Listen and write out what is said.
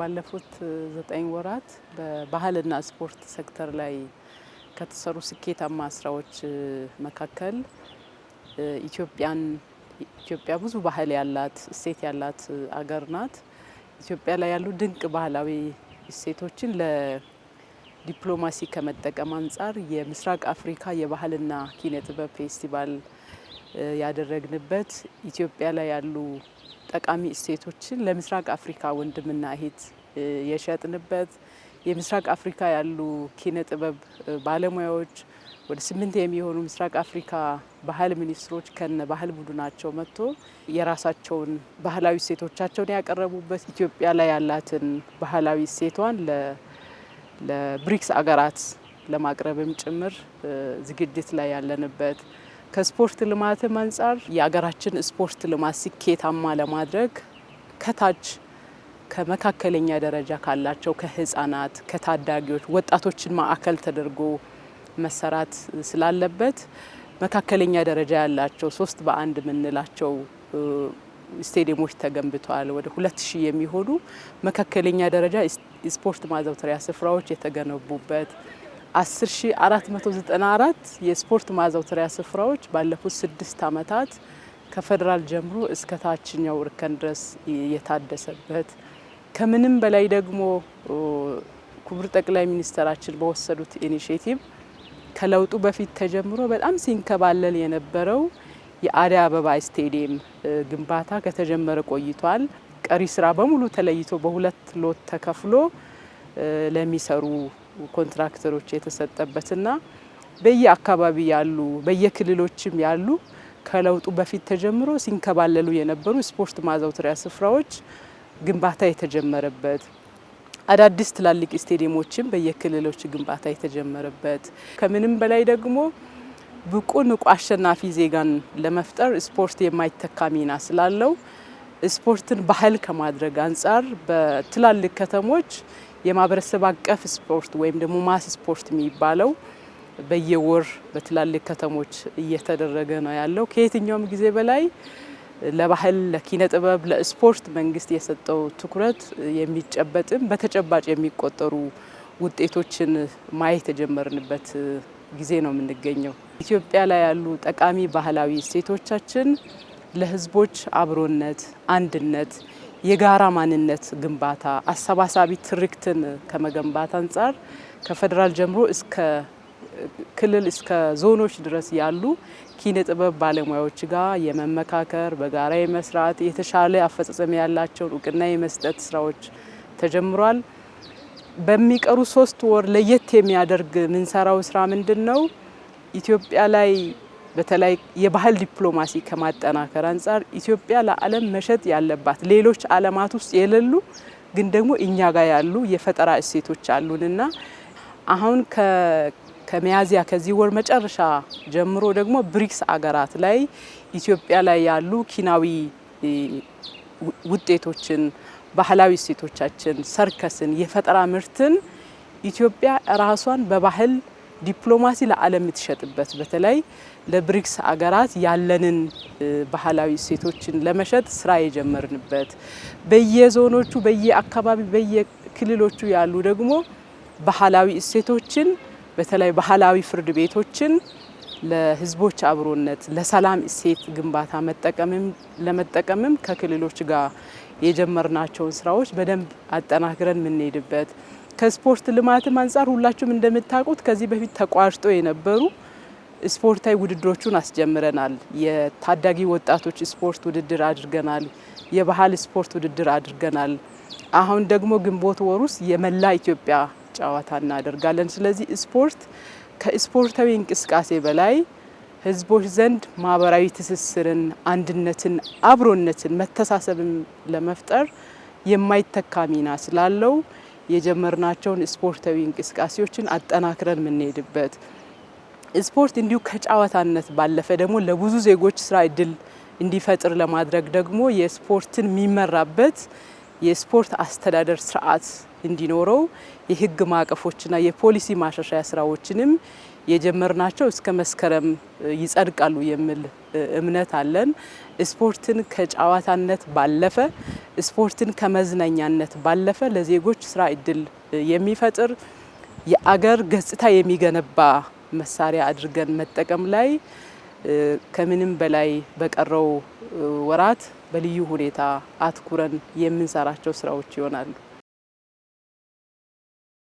ባለፉት ዘጠኝ ወራት በባህልና ስፖርት ሴክተር ላይ ከተሰሩ ስኬታማ ስራዎች መካከል ኢትዮጵያን ኢትዮጵያ ብዙ ባህል ያላት እሴት ያላት አገር ናት። ኢትዮጵያ ላይ ያሉ ድንቅ ባህላዊ እሴቶችን ለዲፕሎማሲ ከመጠቀም አንጻር የምስራቅ አፍሪካ የባህልና ኪነ ጥበብ ፌስቲቫል ያደረግንበት ኢትዮጵያ ላይ ያሉ ጠቃሚ እሴቶችን ለምስራቅ አፍሪካ ወንድምና እህት የሸጥንበት የምስራቅ አፍሪካ ያሉ ኪነ ጥበብ ባለሙያዎች ወደ ስምንት የሚሆኑ ምስራቅ አፍሪካ ባህል ሚኒስትሮች ከነ ባህል ቡድናቸው መጥቶ የራሳቸውን ባህላዊ እሴቶቻቸውን ያቀረቡበት ኢትዮጵያ ላይ ያላትን ባህላዊ እሴቷን ለብሪክስ አገራት ለማቅረብም ጭምር ዝግጅት ላይ ያለንበት ከስፖርት ልማትም አንጻር የሀገራችን ስፖርት ልማት ስኬታማ ለማድረግ ከታች ከመካከለኛ ደረጃ ካላቸው ከህፃናት፣ ከታዳጊዎች፣ ወጣቶችን ማዕከል ተደርጎ መሰራት ስላለበት መካከለኛ ደረጃ ያላቸው ሶስት በአንድ የምንላቸው ስቴዲየሞች ተገንብተዋል። ወደ ሁለት ሺህ የሚሆኑ መካከለኛ ደረጃ ስፖርት ማዘውተሪያ ስፍራዎች የተገነቡበት 10494 የስፖርት ማዘውተሪያ ስፍራዎች ባለፉት ስድስት ዓመታት ከፌዴራል ጀምሮ እስከ ታችኛው እርከን ድረስ የታደሰበት ከምንም በላይ ደግሞ ክቡር ጠቅላይ ሚኒስትራችን በወሰዱት ኢኒሽቲቭ ከለውጡ በፊት ተጀምሮ በጣም ሲንከባለል የነበረው የአደይ አበባ ስቴዲየም ግንባታ ከተጀመረ ቆይቷል። ቀሪ ስራ በሙሉ ተለይቶ በሁለት ሎት ተከፍሎ ለሚሰሩ ኮንትራክተሮች የተሰጠበትና በየአካባቢ ያሉ በየክልሎችም ያሉ ከለውጡ በፊት ተጀምሮ ሲንከባለሉ የነበሩ ስፖርት ማዘውተሪያ ስፍራዎች ግንባታ የተጀመረበት አዳዲስ ትላልቅ ስቴዲየሞችም በየክልሎች ግንባታ የተጀመረበት ከምንም በላይ ደግሞ ብቁ ንቁ አሸናፊ ዜጋን ለመፍጠር ስፖርት የማይተካ ሚና ስላለው ስፖርትን ባህል ከማድረግ አንጻር በትላልቅ ከተሞች የማህበረሰብ አቀፍ ስፖርት ወይም ደግሞ ማስ ስፖርት የሚባለው በየወር በትላልቅ ከተሞች እየተደረገ ነው ያለው። ከየትኛውም ጊዜ በላይ ለባህል፣ ለኪነ ጥበብ፣ ለስፖርት መንግስት የሰጠው ትኩረት የሚጨበጥም በተጨባጭ የሚቆጠሩ ውጤቶችን ማየት የጀመርንበት ጊዜ ነው የምንገኘው። ኢትዮጵያ ላይ ያሉ ጠቃሚ ባህላዊ እሴቶቻችን ለህዝቦች አብሮነት፣ አንድነት የጋራ ማንነት ግንባታ አሰባሳቢ ትርክትን ከመገንባት አንጻር ከፌዴራል ጀምሮ እስከ ክልል እስከ ዞኖች ድረስ ያሉ ኪነ ጥበብ ባለሙያዎች ጋር የመመካከር በጋራ የመስራት የተሻለ አፈጻጸም ያላቸውን እውቅና የመስጠት ስራዎች ተጀምሯል። በሚቀሩ ሶስት ወር ለየት የሚያደርግ ምንሰራው ስራ ምንድን ነው? ኢትዮጵያ ላይ በተለይ የባህል ዲፕሎማሲ ከማጠናከር አንጻር ኢትዮጵያ ለዓለም መሸጥ ያለባት ሌሎች ዓለማት ውስጥ የሌሉ ግን ደግሞ እኛ ጋር ያሉ የፈጠራ እሴቶች አሉንና አሁን ከሚያዝያ ከዚህ ወር መጨረሻ ጀምሮ ደግሞ ብሪክስ አገራት ላይ ኢትዮጵያ ላይ ያሉ ኪናዊ ውጤቶችን፣ ባህላዊ እሴቶቻችን፣ ሰርከስን፣ የፈጠራ ምርትን ኢትዮጵያ ራሷን በባህል ዲፕሎማሲ ለዓለም የምትሸጥበት በተለይ ለብሪክስ አገራት ያለንን ባህላዊ እሴቶችን ለመሸጥ ስራ የጀመርንበት በየዞኖቹ በየአካባቢ በየክልሎቹ ያሉ ደግሞ ባህላዊ እሴቶችን በተለይ ባህላዊ ፍርድ ቤቶችን ለህዝቦች አብሮነት ለሰላም እሴት ግንባታ መጠቀምም ለመጠቀምም ከክልሎች ጋር የጀመርናቸውን ስራዎች በደንብ አጠናክረን የምንሄድበት ከስፖርት ልማትም አንጻር ሁላችሁም እንደምታውቁት ከዚህ በፊት ተቋርጦ የነበሩ ስፖርታዊ ውድድሮቹን አስጀምረናል። የታዳጊ ወጣቶች ስፖርት ውድድር አድርገናል። የባህል ስፖርት ውድድር አድርገናል። አሁን ደግሞ ግንቦት ወር ውስጥ የመላ ኢትዮጵያ ጨዋታ እናደርጋለን። ስለዚህ ስፖርት ከስፖርታዊ እንቅስቃሴ በላይ ህዝቦች ዘንድ ማህበራዊ ትስስርን፣ አንድነትን፣ አብሮነትን፣ መተሳሰብን ለመፍጠር የማይተካ ሚና ስላለው የጀመርናቸውን ስፖርታዊ እንቅስቃሴዎችን አጠናክረን የምንሄድበት ስፖርት እንዲሁ ከጨዋታነት ባለፈ ደግሞ ለብዙ ዜጎች ስራ እድል እንዲፈጥር ለማድረግ ደግሞ የስፖርትን የሚመራበት የስፖርት አስተዳደር ስርዓት እንዲኖረው የህግ ማዕቀፎችና የፖሊሲ ማሻሻያ ስራዎችንም የጀመርናቸው እስከ መስከረም ይጸድቃሉ የሚል እምነት አለን። ስፖርትን ከጨዋታነት ባለፈ ስፖርትን ከመዝናኛነት ባለፈ ለዜጎች ስራ እድል የሚፈጥር የአገር ገጽታ የሚገነባ መሳሪያ አድርገን መጠቀም ላይ ከምንም በላይ በቀረው ወራት በልዩ ሁኔታ አትኩረን የምንሰራቸው ስራዎች ይሆናሉ።